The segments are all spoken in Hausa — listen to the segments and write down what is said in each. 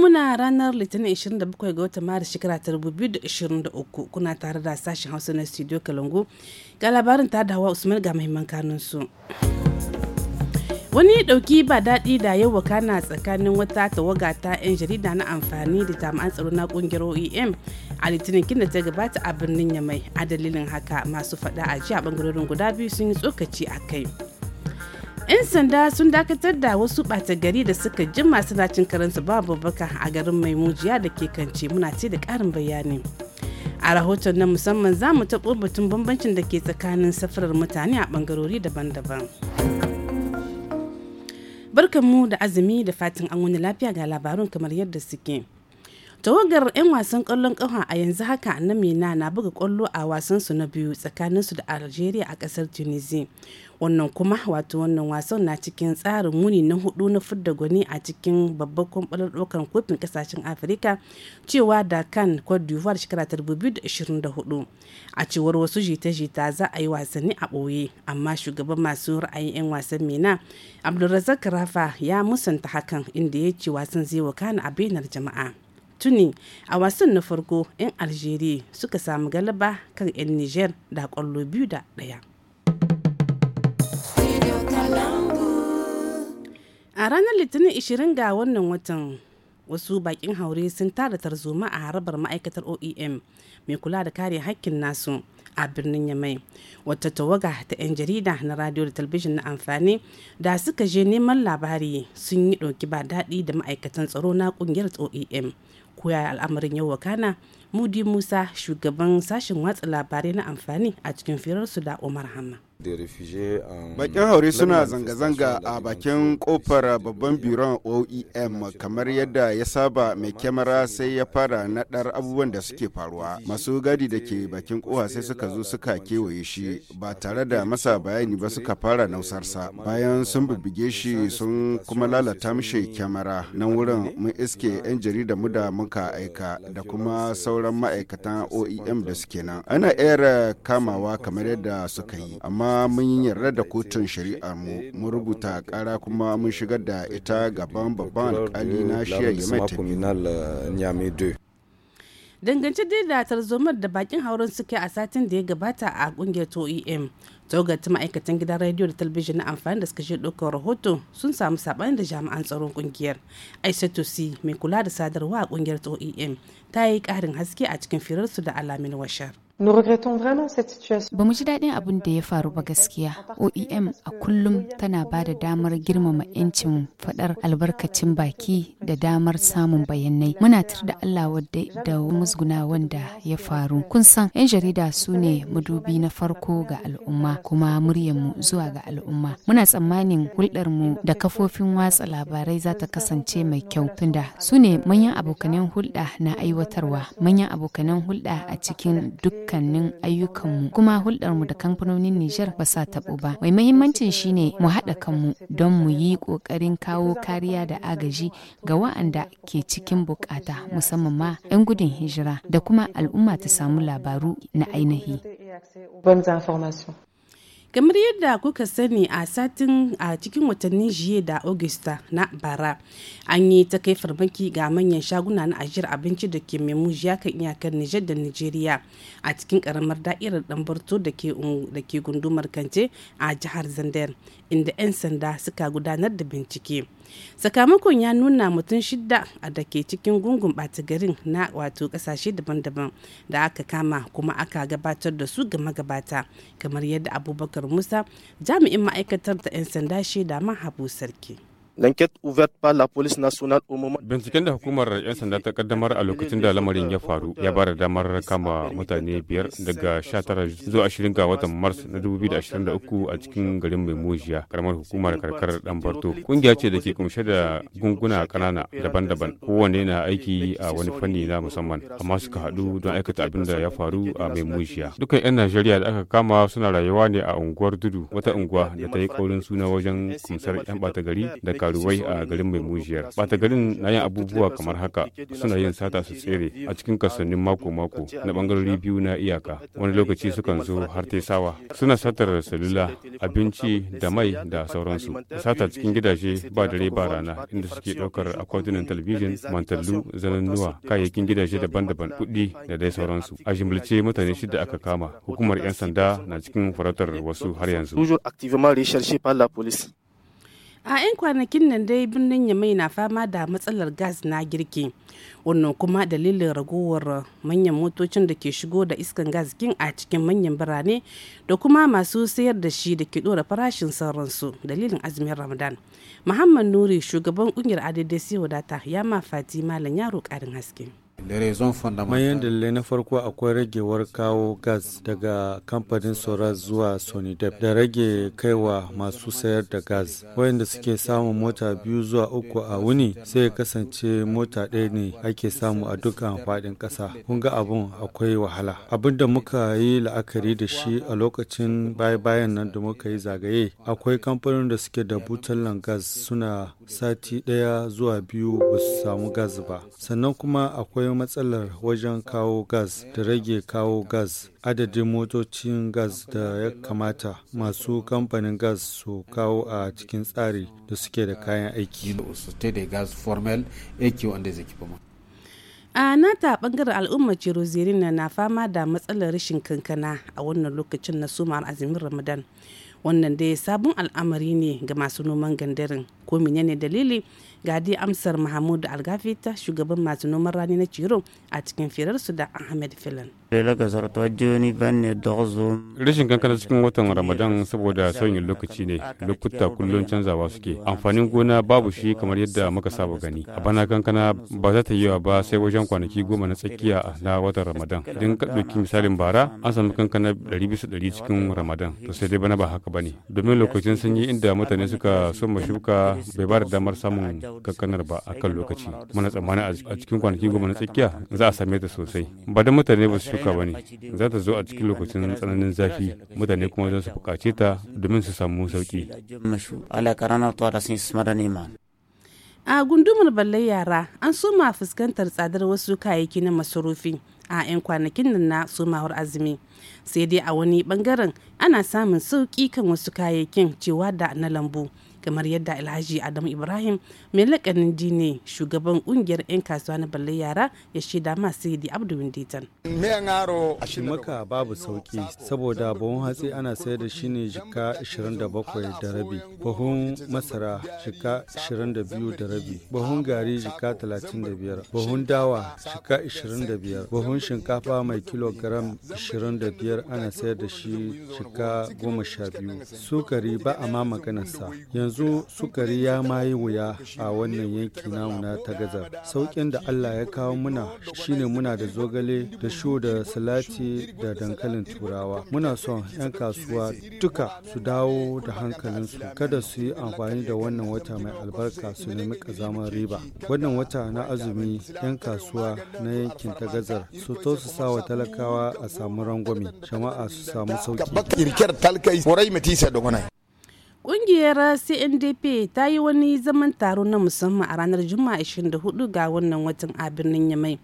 muna ranar Litinin 27 ga watan Maris shekara ta 2023 kuna tare da sashen Hausa na Studio Kalangu ga labarin ta da hawa Usman ga mahimman kanunsu. Wani ɗauki ba daɗi da yau wakana tsakanin wata tawaga ta 'yan jarida na amfani da jami'an tsaro na kungiyar OEM a Litinin kinda ta gabata a birnin Yamai a dalilin haka masu faɗa a jiya ɓangarorin guda biyu sun yi tsokaci a kai. 'yan sanda sun dakatar da wasu ɓata gari da suka jin masu dacin karansu babu baka a garin mai mujiya da ke kance muna ce da ƙarin bayani a rahoton na musamman za mu taɓo batun bambancin da ke tsakanin safarar mutane a ɓangarori daban-daban barkanmu da azumi da fatin an wani lafiya ga labarun kamar yadda suke tawagar 'yan wasan kwallon kafa a yanzu haka na Minna na buga kwallo a wasansu na biyu tsakaninsu da algeria a kasar tunisia wannan kuma wato wannan wasan na cikin tsarin muni na hudu na fidda gwani a cikin babban kwallon ɗaukar kofin kasashen afirka cewa da kan cote d'ivoire shekara 2024 a cewar wasu jita-jita za a yi wasanni a ɓoye amma shugaban masu ra'ayin 'yan wasan Minna abdulrazak rafa ya musanta hakan inda ya ce wasan zai wakana a bainar jama'a tuni a wasan na farko 'yan algeria suka samu galaba kan 'yan niger da kwallo biyu da daya. a ranar litinin 20 ga wannan watan wasu bakin haure sun tara tarzoma a harabar ma'aikatar oem mai kula da kare hakkin nasu a birnin yamai wata tawaga ta 'yan jarida na radio da talbijin na amfani da suka je neman labari sun yi ɗauki ba daɗi da ma'aikatan tsaro na ƙungiyar oem koya al'amarin yau wakana mudi musa shugaban sashen watsa labarai na amfani a cikin firarsu da umar hamma bakin haure suna zanga-zanga a bakin kofar babban biron oem kamar yadda ya saba mai kyamara sai ya fara naɗar abubuwan da suke faruwa masu gadi da ke bakin kowa sai suka zo suka kewaye shi ba tare da masa bayani ba suka fara nausarsa bayan sun bubbuge shi sun kuma lalata mishi kyamara nan wurin mun iske 'yan jarida mu da mun ka eh, aika da kuma eh, sauran ma'aikatan oem da suke nan ana yara kamawa kamar yadda suka yi amma mun yarda da kotun shari'ar mu eh, mun rubuta kara kuma mun shigar da ita gaban babban alkali na shiyar yamai dangance da tarzomar da bakin hauren suke a satin da ya gabata a kungiyar oem ta ma'aikatan gidan rediyo da talabijin na amfani da suka je ɗaukar rahoto sun samu saɓani da jami'an tsaron ƙungiyar aisatu mai kula da sadarwa a ƙungiyar oem ta yi ƙarin haske a cikin firarsu da alamin washar Ba mu ji daɗin abin da ya faru ba gaskiya. OEM a kullum tana ba da damar girmama 'yancin faɗar albarkacin baki da damar samun bayanai. Muna tur da Allah wadda da musguna wanda ya faru. Kun san 'yan jarida su ne madubi na farko ga al'umma kuma muryarmu zuwa ga al'umma. Muna tsammanin hulɗarmu da kafofin watsa labarai za ta kasance mai kyau tunda su ne manyan abokanen hulɗa na aiwatarwa, manyan abokanen hulɗa a cikin duk dukkanin ayyukanmu kuma hulɗarmu da kamfanonin Nijar ba sa taɓo ba. Mai mahimmancin shine mu haɗa kanmu don mu yi ƙoƙarin kawo kariya da agaji ga wa'anda ke cikin bukata musamman ma 'yan gudun hijira da kuma al'umma ta samu labaru na ainihi. kamar yadda kuka sani a satin a cikin watannin jiye da augusta na bara an yi ta kai farmaki ga manyan shaguna na ajiyar abinci da ke mai mujiya kan iyakar nijar da nijeriya a cikin karamar da'irar dambarto da ke gundumar kante a jihar zandar inda 'yan sanda suka gudanar da bincike sakamakon ya nuna mutum shida a da ke cikin gungun ɓata garin na wato ƙasashe daban-daban da aka kama kuma aka gabatar da su gama gabata kamar yadda abubakar musa jami'in ma'aikatar da 'yan sanda shaida ma sarki L'enquête ouverte par la police nationale au moment Binciken da hukumar 'yan sanda ta kaddamar a lokacin da lamarin ya faru ya ba da damar kama mutane biyar daga 19 zuwa 20 ga watan Mars na 2023 a cikin garin Mai Mujiya, karamar hukumar karkar Dan Barto. Kungiya ce da ke kumshe da gunguna kanana daban-daban, kowanne na aiki a wani fanni na musamman, amma suka hadu don aikata abin da ya faru a Mai Mujiya. Dukan 'yan Najeriya da aka kama suna rayuwa ne a unguwar Dudu, wata unguwa da ta yi kaurin suna wajen kumsar 'yan bata gari da karuwai a garin mai mujiyar bata garin na yin abubuwa kamar haka suna yin sata su tsere a cikin kasannin mako-mako na bangarori biyu na iyaka wani lokaci sukan zo har sawa suna satar salula abinci da mai da sauransu sata cikin gidaje ba dare ba rana inda suke ɗaukar akwatunan talabijin mantallu zanannuwa kayayyakin gidaje daban-daban kuɗi da dai sauransu a jimlice mutane shida aka kama hukumar 'yan sanda na cikin farautar wasu har yanzu. a 'yan kwanakin nan dai birnin yamai na fama da matsalar gas na girki wannan kuma dalilin ragowar manyan motocin da ke shigo da iskan gas kin a cikin manyan birane da kuma masu sayar da shi da ke dora farashin sauransu dalilin azumin ramadan muhammad nuri shugaban kungiyar adadai wadata ya ma fati malam yaro karin haske Manyan dalilai na farko akwai ragewar kawo gas daga kamfanin Soras zuwa Sonidep da rage kaiwa masu sayar da gas. Wayanda suke samun mota biyu zuwa uku a wuni sai kasance mota ɗaya ne ake samu a dukkan faɗin ƙasa. Kun ga abun akwai wahala. Abin da muka yi la'akari da shi a lokacin baya-bayan nan da muka yi zagaye akwai kamfanin da suke da butalan gas suna sati ɗaya zuwa biyu ba su samu gas ba. Sannan kuma akwai matsalar wajen kawo gas da rage kawo gas adadin motocin gas da ya kamata masu kamfanin gas su kawo a cikin tsari da suke da kayan aiki. a nata bangaren al'ummar jerusalem na fama da matsalar rashin kankana a wannan lokacin na sumar azumin ramadan wannan dai sabon al'amari ne ga masu noman gandarin ko menene dalili ga dai amsar mahamudu algafita shugaban masu noman rani na ciro a cikin firarsu da ahmed filan rashin kankana cikin watan ramadan saboda sauyin lokaci ne lokuta kullum canzawa suke amfanin gona babu shi kamar yadda muka saba gani a bana kankana ba za ta yi ba sai wajen kwanaki goma na tsakiya na watan ramadan idan ka ɗauki misalin bara an samu kankana ɗari bisa ɗari cikin ramadan to sai dai bana ba haka bane domin lokacin sanyi inda mutane suka soma shuka bai ba da damar samun kankanar ba a kan lokaci muna tsammanin a cikin kwanaki goma na tsakiya za a same ta sosai ba da mutane ba su shuka ba ne za ta zo a cikin lokacin tsananin zafi mutane kuma za su buƙace ta domin su samu sauƙi a gundumar balle yara an soma fuskantar tsadar wasu kayayyaki na masarufi a 'yan kwanakin nan na somawar azumi sai dai a wani bangaren ana samun sauƙi kan wasu kayayyakin cewa da na lambu kamar yadda alhaji adamu ibrahim mai lakanin ne shugaban kungiyar 'yan kasuwa na balle yara ya shaida masu yi abdu winditan maka babu sauki saboda buhun hatsi ana sayar da shi ne jika 27 da rabi buhun masara jika 22 da rabi buhun gari jika 35 buhun dawa jika 25 buhun shinkafa mai kilogram 25 ana sayar da shi jika 12 sukari ba a ma maganarsa yanzu yanzu sukari ya mayi wuya a wannan yanki namu na ta gaza sauƙin da allah ya kawo muna shine muna da zogale da sho da salati da dankalin turawa muna son 'yan kasuwa duka su dawo da hankalinsu kada su yi amfani da wannan wata mai albarka su nemi kazaman riba wannan wata na azumi 'yan kasuwa na yankin ta gazar su to su sa wa talakawa a samu rangwame jama'a su samu sauki Ƙungiyar CNDP ta yi wani zaman taro na musamman a ranar Juma'a 24 ga wannan watan a birnin Yamai.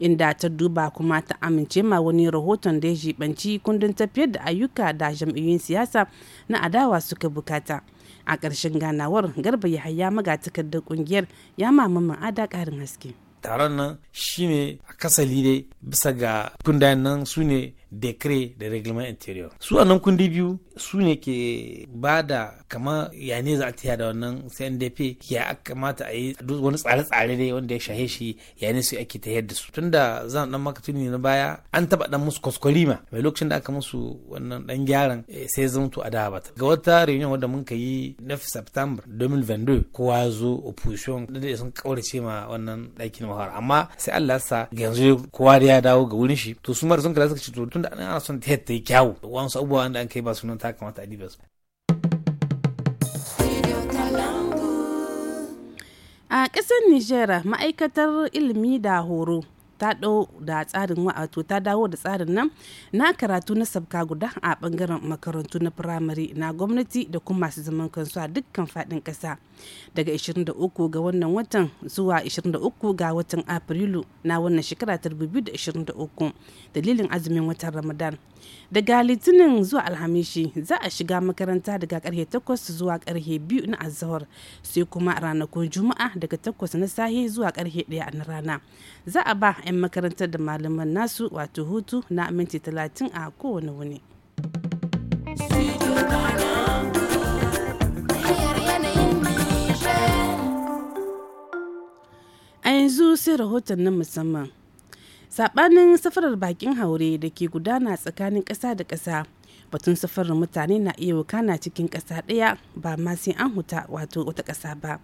inda ta duba kuma ta amince ma wani rahoton da ya jibanci kundin tafiyar da ayyuka da jam'iyyun siyasa na adawa suka bukata a ƙarshen ganawar garba ya haya magatakardar ƙungiyar ya mamman ada ƙarin haske taron nan shi ne a kasali ne bisa ga kundayen nan su ne decret da reglement interior su a nan kundi biyu su ne ke ba da kama ya ne za a tiya da wannan CNDP ya kamata a yi wani tsare-tsare ne wanda ya shahe shi ya ne su ake tayar da su tun tunda zan dan maka tuni na baya an taba dan musu kwaskwari ma. mai lokacin da aka musu wannan dan gyaran eh, sai to a da bata ga wata reunion wadda mun ka yi na September 2022 kowa ya zo opposition da sun kaurace ma wannan ɗakin mahawar amma sai Allah sa yanzu kowa ya dawo ga wurin shi to su mara sun kala suka ce to da ana son ta yi kyawu wasu abubuwa da an kai ba sunan rubuta kamata a diba a ƙasar Nijera, ma'aikatar ilimi da horo ta dau da tsarin wato ta dawo da tsarin nan na karatu na sabka guda a bangaren makarantu na firamare na gwamnati da kuma masu zaman kansu a dukkan fadin kasa daga 23 ga wannan watan zuwa 23 ga watan afrilu na wannan shekara ta 2023 dalilin azumin watan ramadan daga litinin zuwa alhamishi za a shiga makaranta daga karhe 8 zuwa karhe 2 na azahar sai kuma ranakun juma'a daga 8 na sahi zuwa karhe 1 na rana za a ba 'yan makarantar da malaman nasu wato hutu na minti 30 a kowane wuni. A yanzu sai rahoton na musamman. sabanin safarar bakin haure da ke gudana tsakanin ƙasa da ƙasa. batun safarar mutane na iya wakana cikin ƙasa ɗaya ba ma sai an huta wato wata ƙasa ba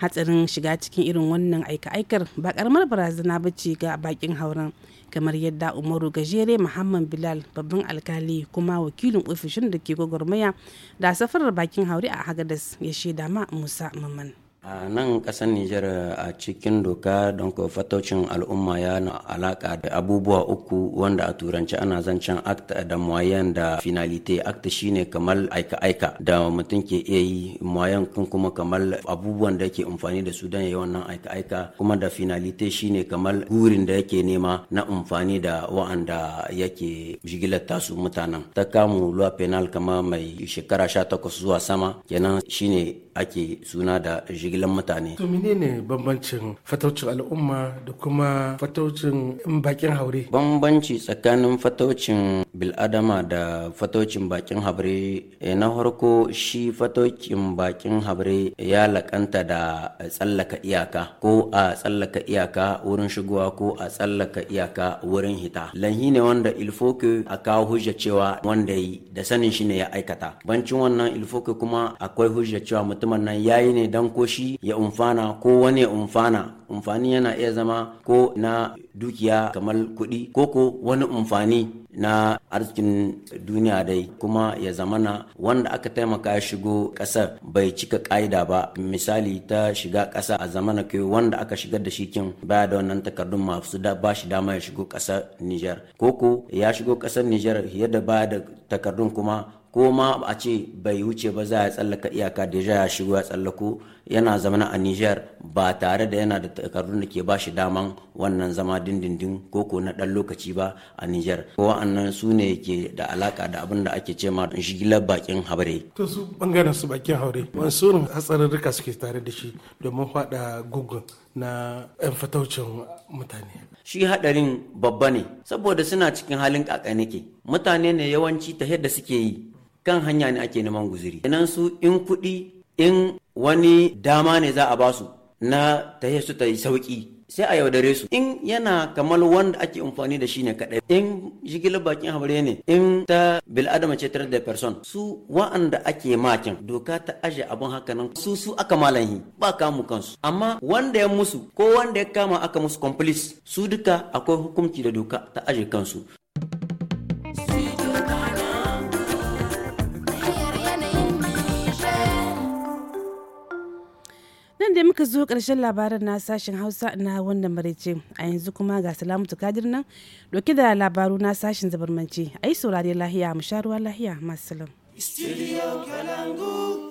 hatsarin shiga cikin irin wannan aika-aikar ba karamar barazana ba ce ga bakin hauren kamar yadda umaru gajere muhammad bilal babban alkali kuma wakilin ofishin da ke gwagwarmaya da safarar bakin haure a hagadas ya shaida ma musa maman a nan kasar nijar a cikin doka don fataucin al'umma ya na alaka da abubuwa uku wanda a turanci ana zancen akta da moyen da finalite akta shine kamar aika-aika da mutum ke iya yi moyen kun kuma kamar abubuwan da yake amfani da su don yi wannan aika-aika kuma da finalite shine kamar gurin da yake nema na amfani da wa'anda yake jigilar tasu mutanen ta kamu luwa penal kama mai shekara 18 zuwa sama kenan shine ake suna da jigilan mutane. To menene bambancin fataucin al'umma da kuma fataucin bakin haure? Bambanci tsakanin fataucin bil'adama da fataucin bakin haure eh, na farko shi fataucin bakin haure ya lakanta da tsallaka iyaka ko a tsallaka iyaka wurin shigowa ko a tsallaka iyaka wurin hita. Lanhi ne wanda ilfoke a kawo hujja cewa wanda yi da sanin shi ne ya aikata. Bancin wannan ilfoke kuma akwai hujja cewa mutumin nan yayi ne dan ko shi ya umfana ko wani ya umfana umfani yana iya zama ko na dukiya kamar kuɗi ko ko wani umfani na arzikin duniya dai kuma ya zamana wanda aka taimaka shigo kasar bai cika ƙa'ida ba misali ta shiga ƙasa a zamana kai wanda aka shigar da shi kin baya da wannan takardun masu da ba shi dama ya shigo ƙasar Nijar ko ko ya shigo ƙasar Nijar yadda baya da takardun kuma ko ma a ce bai wuce ba za ya tsallaka iyaka deja ya shigo ya tsallako yana zamana a niger ba tare da yana da takardun da ke bashi daman wannan zama dindindin ko na dan lokaci ba a niger wa'annan su ne ke da alaka da abin da ake ce ma shigilar bakin haure to su bangaren su bakin haure hatsarin hatsarurruka suke tare da shi domin faɗa google na 'yan fataucin mutane. Shi hadarin babba ne, saboda suna cikin halin kakanike Mutane ne yawanci ta yadda suke yi, kan hanya ne ake neman guziri kenan su in kuɗi in wani dama ne za a ba su na ta su ta yi sauki sai a yaudare su in yana kamar wanda ake amfani da shi ne kaɗai in jigilar bakin haure ne in ta bil'adama ce tare da person su wa'anda ake makin doka ta aje abin haka nan su su aka malahi ba kamu kansu amma wanda ya musu ko wanda ya kama aka musu complice su duka akwai hukunci da doka ta aje kansu da muka zo ƙarshen labaran na sashen Hausa na wannan maraice a yanzu kuma ga Salamatu Kadir nan doke da labaru na sashen zabarmanci. yi saurare lahiya mu sha ruwa lahiya masu salam.